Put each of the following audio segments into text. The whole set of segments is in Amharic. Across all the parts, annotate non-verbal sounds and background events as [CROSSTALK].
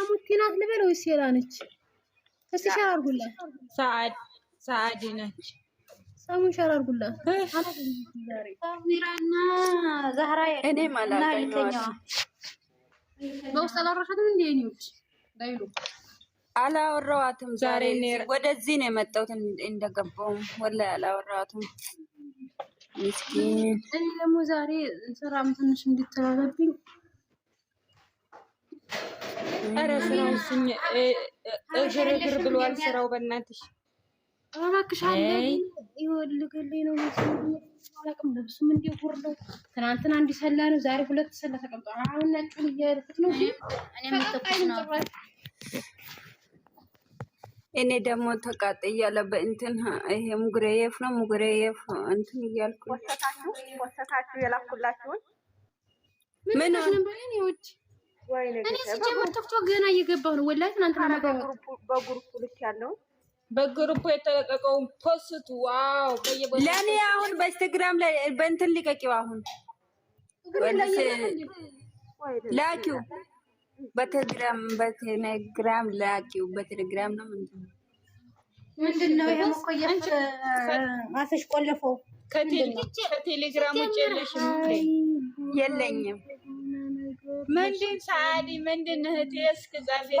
አሙቲ ናት ልበል ወይስ ሴራ ነች? እስቲ ሸር አድርጉላት። ሰዓድ ሰዓድ ነች። ሳሙን ሸር አድርጉላት። ሳሚራና ዛህራ እኔ ማላቀኛዋ በውስጥ አላወራሻትም እንዴ? ኒዎች ዳይሉ አላወራዋትም። ዛሬ ወደዚህ ነው የመጣሁት እንደገባውም ወላሂ አላወራዋትም። ምስኪን እኔ ደግሞ ዛሬ ስራም ትንሽ እንድትላለብኝ ኧረ ስራው ስኝ እግር እግር ብሏል ስራው። በእናትሽ ነው። ትናንትና አንድ ሰላ ነው፣ ዛሬ ሁለት ሰላ ተቀምጧል። አሁን ነጩን ነው እኔ ደግሞ እያለ በእንትን ይሄ ሙግሬየፍ ነው ሙግሬየፍ እንትን እያልኩ ወሰታችሁ የላኩላችሁን ምን እኔ ሲጀምር ቲክቶክ ገና እየገባሁ ነው። ወላሂ ትናንትና በግሩፕ ልክ ያለው በግሩፕ የተለቀቀውን ፖስቱ ዋው! ለእኔ አሁን በኢንስታግራም ላይ በእንትን ልቀቂው አሁን ላኪው በቴሌግራም በቴሌግራም ላኪው በቴሌግራም ነው። ምንድን ነው ይሄ? መቆየት አፍሽ ቆለፈው ከቴሌግራም ውጭ የለሽም? የለኝም ምንድን ሰዓዲ ምንድን እህቴ እስክ ጻፊልኝ።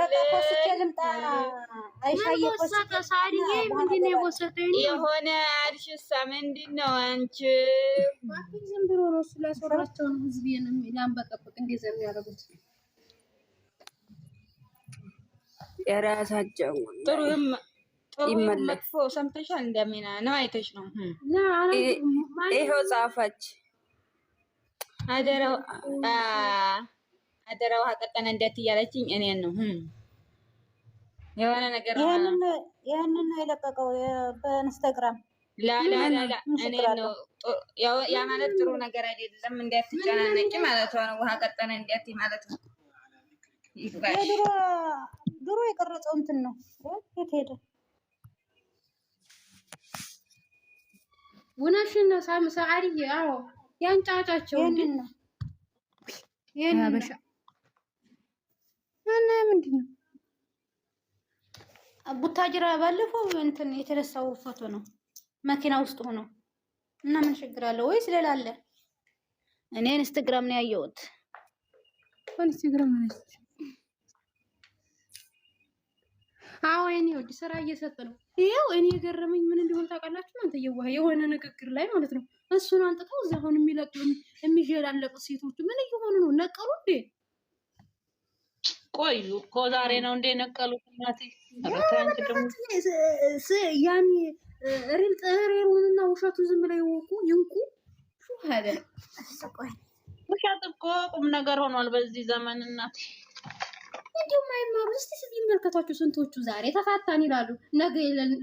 የሆነ አልሽሳ ምንድን ነው አንቺ? ዝም ብሎ ነው እሱ ላስወራቸውን ህዝብ ላንበቀብቅ እንደዛ የሚያደርጉት የራሳቸው ጥሩም ይመለክ ሰምተሻል። እንደሚና ነው አይተሽ ነው ይኸው ጻፈች አደረው አደራ ውሃ ቀጠነ እንዴት እያለችኝ እኔን ነው የሆነ ነገር ያንን ነው የለቀቀው በኢንስታግራም ነው ያ ማለት ጥሩ ነገር አይደለም። እንዳትጨናነቂ ማለት ነው። ውሃ ቀጠነ እንዴት ማለት ነው። ድሮ የቀረጸው እንትን ነው። የት ሄደ? ውነሽን ነው ሳምሰ አሪዬ። አዎ ያንጫጫቸው ነው እና ምንድን ነው ቡታጅራ ባለፈው እንትን የተነሳው ፎቶ ነው መኪና ውስጥ ሆኖ እና ምን ችግር አለው ወይስ ሌላ አለ? እኔ ኢንስታግራም ነው ያየሁት። ኢንስታግራም ነው አዎ እኔ ወዲ ስራ እየሰጠ ነው። ይሄው እኔ የገረመኝ ምን እንደሆነ ታውቃላችሁ? አንተ የዋህ የሆነ ንግግር ላይ ማለት ነው እሱን አንጥተው እዛ አሁን የሚለቁ የሚጀላለቁ ሴቶቹ ምን እየሆኑ ነው? ነቀሉ እንዴ? ቆዩ እኮ ዛሬ ነው እንደ ነቀሉት። እናቴ ያን ሪል ጥሬውንና ውሸቱን ዝም ላይ ይወቁ ይንቁ። ውሸት እኮ ቁም ነገር ሆኗል በዚህ ዘመን እናቴ። እንዲሁም አይማሩ እስቲ ስ ይመልከቷቸው። ስንቶቹ ዛሬ ተፋታን ይላሉ፣ ነገ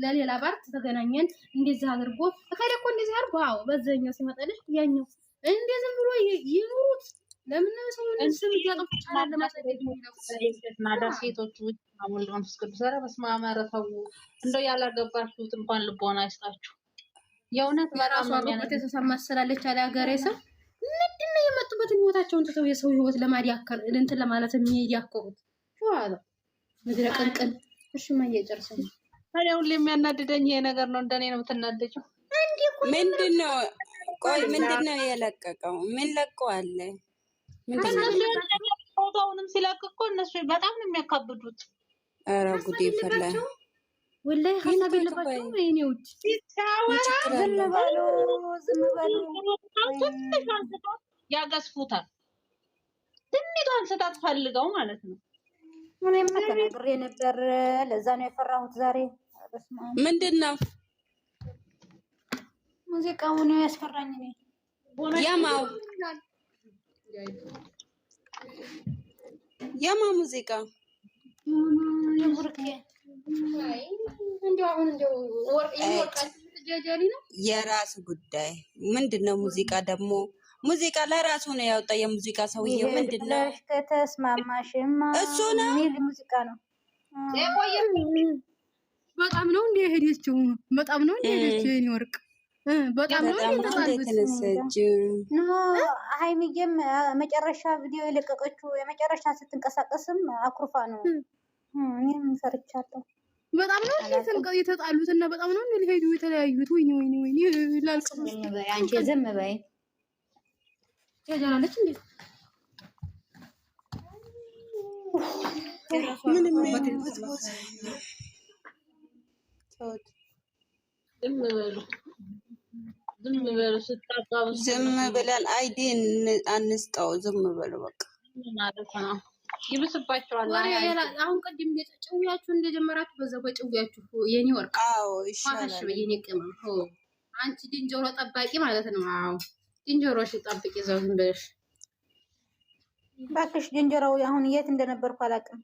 ለሌላ ባርት ተገናኘን እንደዚህ አድርጎ ከደኮ እንደዚህ አድርጎ አዎ በዛኛው ሲመጣልሽ ያኛው እንደ ዝም ብሎ ይኑሩት ለምንስምእያጠፍቻለማዳ ሴቶች ውጭ ሙሉ መንፈስ ቅዱስ ኧረ በስመ አብ ኧረ ተው እንኳን ልቦና አለ ሀገሬ ነው ህይወታቸውን ትተው የሰው ህይወት ለማዲያከር እንትን ለማለት የሚሄድ ያኮሩት ምድረ ቅንቅን እሺ እየጨርሰ ታዲያ ሁሌ የሚያናድደኝ ይሄ ነገር ነው። እንደኔ ነው የምትናደጀው። ምንድን ነው ቆይ ምንድን ነው የለቀቀው? ምን ለቀዋለ ቦታውንም ሲለቅ እኮ እነሱ በጣም ነው የሚያካብዱት። ኧረ ጉዴ ፈላ ወላሂ ሀሳብ የለባቸውም። የእኔ ውድ ያገዝፉታል። ትንሽ አንስታት ፈልገው ማለት ነው። እኔማ ተናግሬ ነበር። ለዛ ነው የፈራሁት ዛሬ። ምንድን ነው ሙዚቃው ነው ያስፈራኝ። ያማው የማ ሙዚቃ የራሱ ጉዳይ ምንድን ነው? ሙዚቃ ደግሞ ሙዚቃ ለራሱ ነው ያወጣ። የሙዚቃ ሰውዬው ምንድን ነው? ከተስማማሽማ እሱ ነው ሙዚቃ ነው። በጣም ነው እንደ ሄደችው፣ በጣም ነው እንደ ሄደችው የኔ ወርቅ በጣም ሀይሚዬም መጨረሻ ቪዲዮ የለቀቀችው የመጨረሻ ስትንቀሳቀስም አኩርፋ ነው። እኔም ፈርቻለሁ። በጣም ነው የተጣሉት እና በጣም ነው ሊሄዱ የተለያዩት። ወይኔ ወይኔ ወይኔ ላልአንቺ ዝም በይ ጃለች እንዴ ምንም ዝም በሉ ዝም ብለን አይዲ አንስጠው። ዝም በሉ በቃ ማለት ነው። ይብስባቸዋል። አሁን ቅድም ጭውያችሁ እንደጀመራችሁ በዛ በጭውያችሁ የኔ ወርቅ ፋታሽ በየኔ ቅም አንቺ ድንጀሮ ጠባቂ ማለት ነው። አዎ ድንጀሮሽ ጠብቂ ዘው ዝም ብለሽ እባክሽ። ድንጀሮው አሁን የት እንደነበርኩ አላውቅም።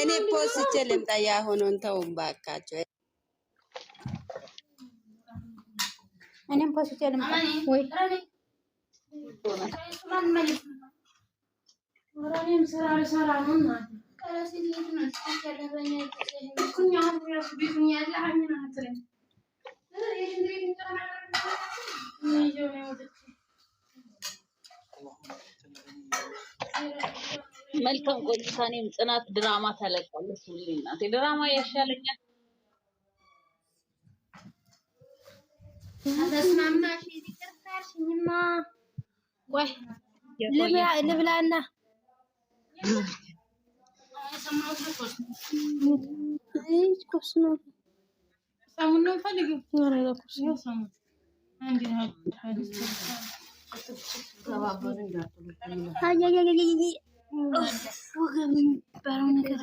እኔ ፖስቼ ልምጣ። ያሁኑን ተው እባካቸው። እኔም ፖስቼ ልምጣ ወይ መልካም ቆይታ። እኔም ጽናት ድራማ ታለቃለች። ሁሌ እናቴ ድራማ ያሻለኛል። ልብላና ወገብ የሚባለው ነገር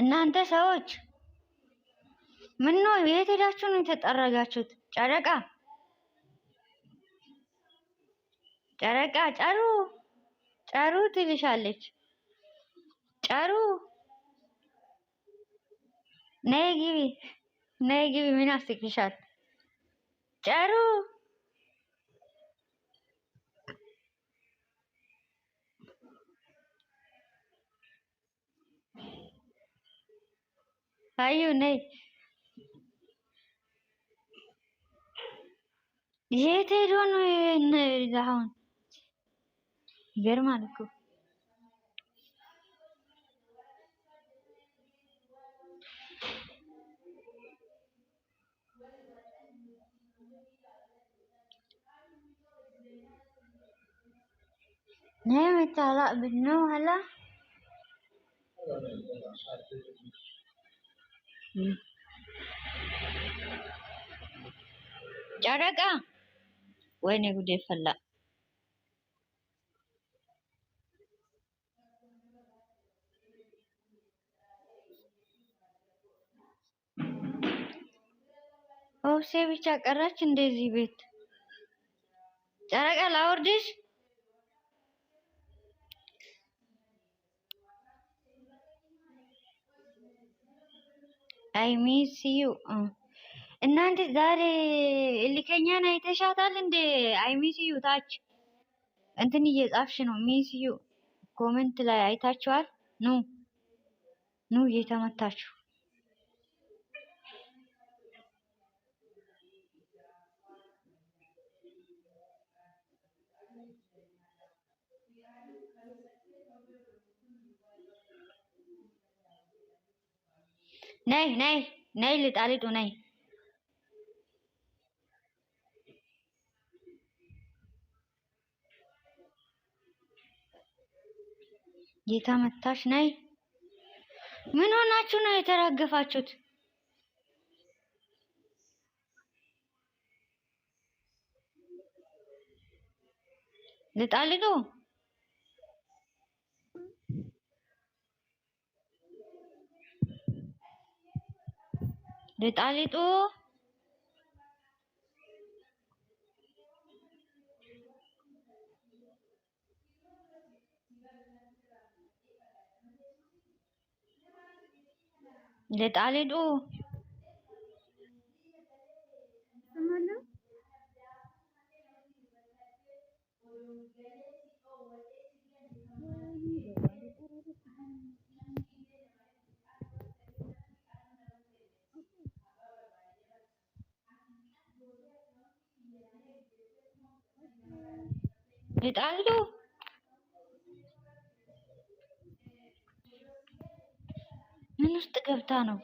እናንተ ሰዎች ምን ነው የት ሄዳችሁ ነው የተጠረጋችሁት? ጨረቃ ጨረቃ ጨሩ ጨሩ ትልሻለች። ጨሩ ነይ ግቢ ነይ ግቢ ምን አስቅሻል? ጨሩ అయ్యి ఉన్నాయి ఏది కావాలి غير مالكو نامت علاء بالنوم هلا ጨረቃ ወይኔ ጉዴ ፈላ። ኦብሴ ብቻ ቀራች እንደዚህ ቤት ጨረቃ ላወርድሽ አይ ሚስ ዩ እናንተ ዛሬ እልከኛን አይተሻታል እንዴ? አይ ሚስ ዩ ታች እንትን እየጻፍሽ ነው። ሚስ ዩ ኮመንት ላይ አይታችኋል? ኑ ኑ እየተመታችሁ ነይ ነይ ነይ ልጣልጡ ነይ ጌታ መታሽ ነይ። ምን ሆናችሁ ነው የተራገፋችሁት? ልጣልጡ Duit Ali tuh Duit Ali tuh ይጣሉ ምን ውስጥ ገብታ ነው?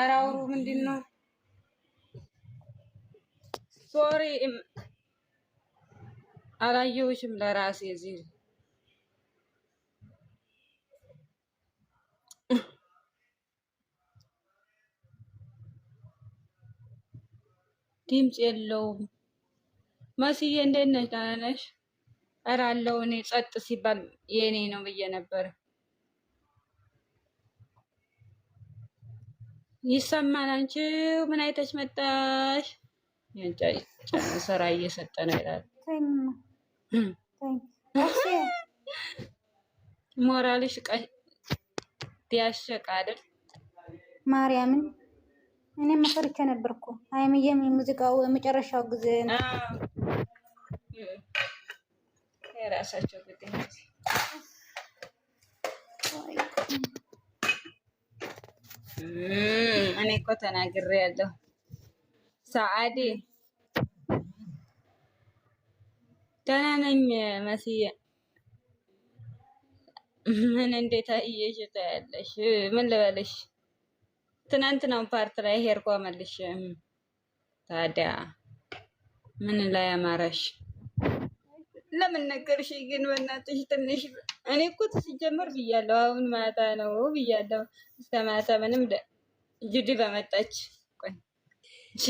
ኧረ አውሩ ምንድን ነው? ሶሪ አላየሁሽም። ለራሴ እዚህ ድምፅ የለውም። መስዬ እንዴት ነሽ? ደህና ነሽ? ኧረ አለው እኔ ጸጥ ሲባል የእኔ ነው ብዬ ነበር። ይሰማል። አንቺ ምን አይተሽ መጣሽ? ስራ እየሰጠ ነው ይላል። [LAUGHS] ሞራልሽ ዲያሸቅ አይደል? ማርያምን እኔም ፈርቼ ነበርኩ። አይምዬም የሙዚቃው የመጨረሻው ጊዜ ነው የራሳቸው እኔ እኮ ተናግሬ ያለሁ ሰአዲ ደህና ነኝ መስዬ። ምን እንዴት አየሽ ታያለሽ? ምን ልበልሽ? ትናንት ነው ፓርት ላይ ሄርኳ መልሽ። ታዲያ ምን ላይ አማረሽ? ለምን ነገርሽ ግን በእናትሽ ትንሽ እኔ እኮ ሲጀመር ብያለሁ። አሁን ማታ ነው ብያለሁ። እስከ ማታ ምንም ጅድ በመጣች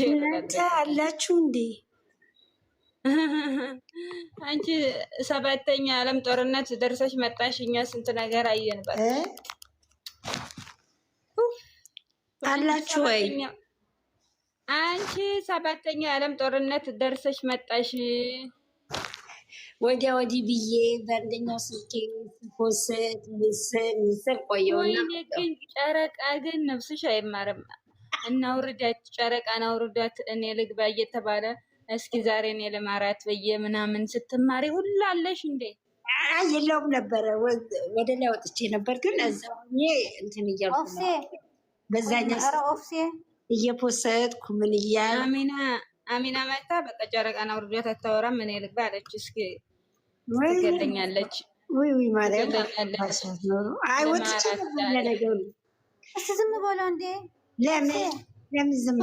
እናንተ አላችሁ እንዴ? [LAUGHS] አንቺ ሰባተኛ ዓለም ጦርነት ደርሰሽ መጣሽ። እኛ ስንት ነገር አየንበት። አላችሁ ወይ? አንቺ ሰባተኛ ዓለም ጦርነት ደርሰሽ መጣሽ። ወዲያ ወዲህ ብዬ በአንደኛው ስልኬ ፖስት ምስል ምስል ቆየውና ግን ጨረቃ ግን ነፍስሽ አይማርም። እናውርዳት ጨረቃን አውርዳት፣ እኔ ልግባ እየተባለ እስኪ ዛሬ እኔ ልማራት ብዬ ምናምን ስትማሪ ሁሉ አለሽ እንዴ? የለውም ነበረ ወደ ላይ ወጥቼ ነበር፣ ግን እዛ እንትን እያልኩ በዛኛ እየፖሰትኩ ምን እያል አሚና አሚና መታ በቃ ጨረቃና ውርዷት አታወራም። ምን ልግባ አለች። እስኪ ትገለኛለች እስ ዝም እንዴ ለምን ዝም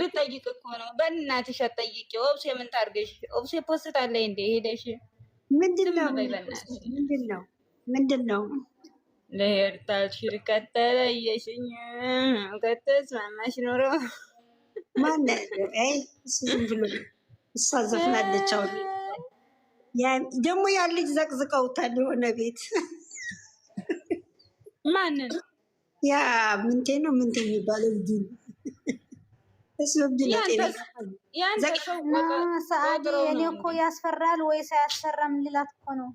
ልጠይቅ እኮ ነው። በእናትሽ አትጠይቂ። ኦብሴ ምን ታርገሽ? ኦብሴ ፖስት እንዴ ሄደሽ ምንድን ነው ምንድን ነው ምንድን ነው ለሄርታል ማን ዝም ብሎ እሷ ዘፍናለች። አሁን ደግሞ ያን ልጅ ዘቅዝቀውታል የሆነ ቤት ማንን ያ ምንቴ ነው ምንቴ የሚባለው ልጁ ሰአድ እኔ እኮ ያስፈራል ወይስ አያስፈራም ልላት እኮ ነው።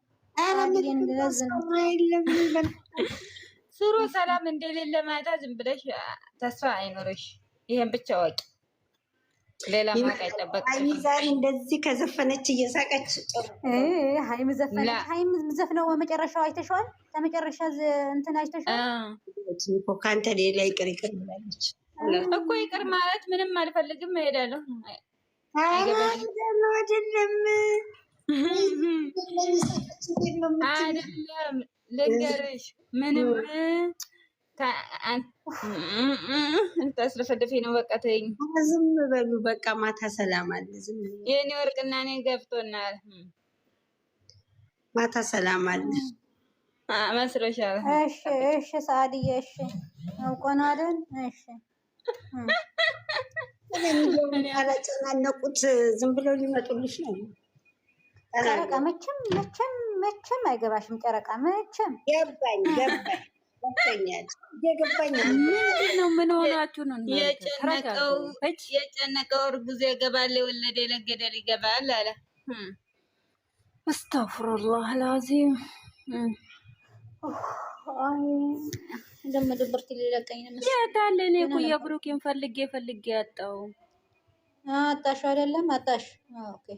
ስሩ ሰላም እንደሌለ ማታ ዝም ብለሽ ተስፋ አይኖረሽ። ይሄን ብቻ ወቂ ሌላ ዛሬ እንደዚህ ከዘፈነች እየሳቀች ሀይም ዘፈነች። ሀይም ዘፍነው በመጨረሻው አይተሸዋል። ከመጨረሻ እንትን አይተሸዋል ከአንተ ሌላ ይቅር ይቅር ብላለች እኮ። ይቅር ማለት ምንም አልፈልግም እሄዳለሁ። አይደለም አይደለም ልንገርሽ ምንም ልታስለፈደፌ ነው። በቃ ተይኝ፣ ዝም በሉ በቃ። ማታ ሰላም አለ። ዝም የኔ ወርቅና እኔ ገብቶናል። ማታ ሰላም አለ መስሎሻል? እሺ፣ እሺ ሰዓድዬ፣ እሺ አውቀን እሺ አላጨናነቁት። ዝም ብለው ሊመጡልሽ ነው። ጨረቃ መቼም መቼም መቼም አይገባሽም። ጨረቃ መቼም ገባኝ ገባኝ ምን ሆናችሁ ነው? የጨነቀው እርጉዝ ይገባል፣ የወለደ ለገደል ይገባል አለ። አስተፍሩላህ ላዚም ደመ ድብርት ሊለቀኝ ነው። የት አለ? እኔ እኮ የብሩኬን ፈልጌ ፈልጌ ያጣው አጣሽ አይደለም አጣሽ።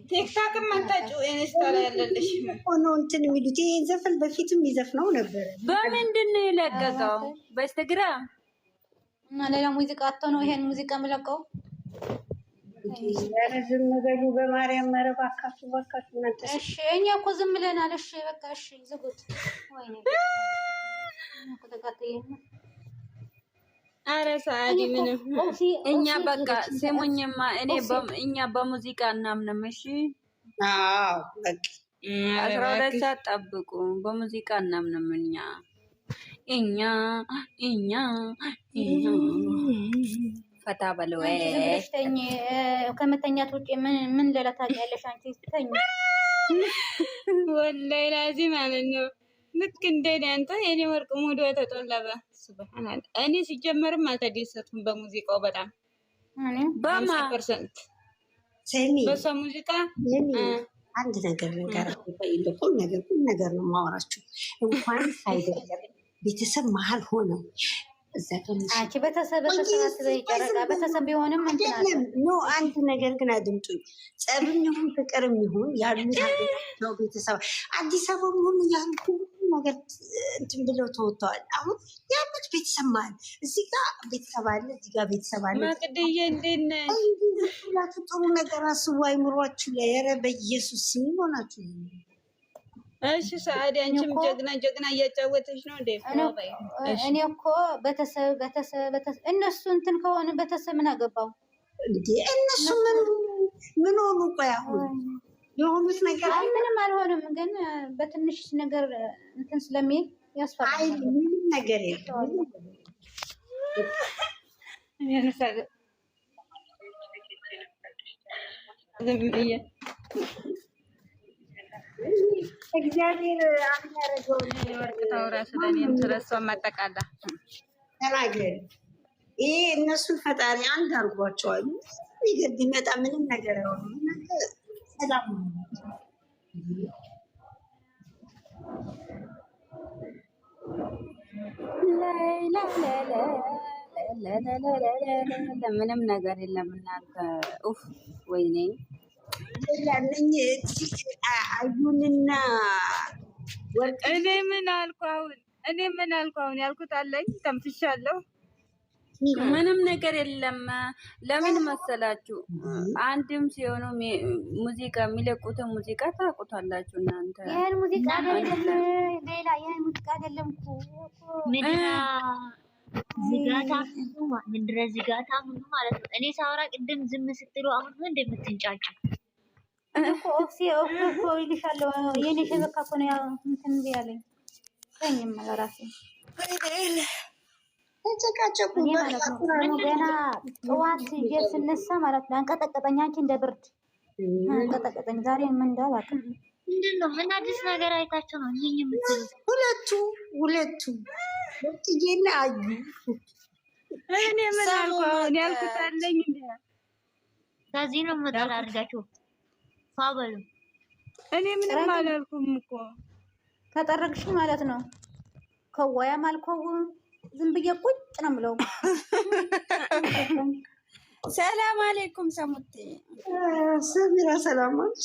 ቲክታክም አታጩ ኢንስታ ላይ ያለልሽ ሆኖ እንትን የሚሉት ይሄን ዘፈን በፊትም ይዘፍነው ነበር። በምንድን ነው የለቀቀው? በኢንስታግራም እና ሌላ ሙዚቃ አጥቶ ነው ይሄን ሙዚቃ የምለቀው። ኧረ ዝም በሉ በማርያም ኧረ እባካችሁ እባካችሁ እናንተ። እሺ እኛ እኮ ዝም ብለናል። እሺ በቃ እሺ ዝጉት። ወይኔ ተቃጥዬ አረ ሰአዲ ምንም እኛ በቃ ስሙኝማ፣ እኔ እኛ በሙዚቃ እናምንም። እሺ አስራ ሁለት ሰዓት ጠብቁ፣ በሙዚቃ እናምንም። እኛ እኛ እኛ እኛ ፈታ በለው ከመተኛት ውጭ ምን ሌላ ታውቂያለሽ አንቺ? ተኝ ወላሂ ላዚ ማለት ነው። ልክ እንደ አንተ የኔ ወርቅ ሙዶ ተጠለበ ስብናል እኔ ሲጀመርም አልተደሰትኩም በሙዚቃው በጣም በሀምሳ ፐርሰንት በእሷ ሙዚቃ አንድ ነገር ነገር ቁም ነገር ቁም ነገር ነው የማወራችሁ። እንኳን አይደለም ቤተሰብ መሀል ሆነው ቤተሰብ አንድ ነገር ግን አድምጡኝ። ጸብም ይሁን ፍቅርም ይሁን ያሉ ቤተሰብ አዲስ አበባ ሁሉ ያሉ ነገር እንትን ብለው ተወጥተዋል። አሁን ያሉት ቤተሰብ ማለት እዚህ ጋ ቤተሰብ አለ፣ እዚህ ጋ ቤተሰብ አለ። ሁላችሁ ጥሩ ነገር አስቡ፣ አይምሯችሁ ላይ ኧረ በኢየሱስ ስም ሆናችሁ። እሺ ሰአዲ፣ አንቺም ጀግና ጀግና እያጫወተች ነው እንዴ? እኔ እኮ በተሰብ እነሱ እንትን ከሆነ በተሰብ ምን አገባው እንዴ? እነሱ ምን ምን ሆኑ? ቆይ አሁን የሆኑት ነገር ቢሆንም ግን በትንሽ ነገር እንትን ስለሚል ያስፈራል። ምንም ነገር የለም። ማጠቃላ እነሱን ፈጣሪ አንድ አድርጓቸዋል። ይገድ ይመጣ ምንም ነገር ሰላም ነው። ምንም ነገር የለም እናንተ። ኡፍ ወይኔ ለምኝ አዩንና እኔ ምን አልኩ አሁን? እኔ ምን አልኩ አሁን? ያልኩት አለኝ ተንፍሻለሁ። ምንም ነገር የለም። ለምን መሰላችሁ? አንድም ሲሆኑ ሙዚቃ የሚለቁትን ሙዚቃ ታውቁታላችሁ እናንተ። ይህን ሙዚቃ አይደለም ሌላ፣ ይህን ሙዚቃ አይደለም ዝጋታ ምንድረ ዝጋታ ሁሉ ማለት ነው። እኔ ሳውራ ቅድም ዝም ስትሉ አሁን ምን እንደምትንጫጭ እኮ ኦፍሲ ኦፍኮ ይልሻለሁ። የኔ ሸበካ እኮ ነው ያው እንትን ብያለኝ ሰኝም ለራሴ ተጨቃጨቁ ገና ጠዋት ስነሳ ማለት ነው። አንቀጠቀጠኝ፣ አንቺ እንደ ብርድ አንቀጠቀጠኝ። ዛሬ ምን ምንድን ነው? ምን አዲስ ነገር ነው ሁለቱ ሁለቱ አዩ። እኔ ምን አልኩ? አሁን ያልኩት አለኝ። ከዚህ ነው አድርጋችሁ ፋበሉ። እኔ ምንም አላልኩም እኮ ማለት ነው። ከዋያም አልከውም ዝም ብዬ ቁጭ ነው የምለው። ሰላም አለይኩም ሰሙቴ ሰሚራ፣ ሰላሞች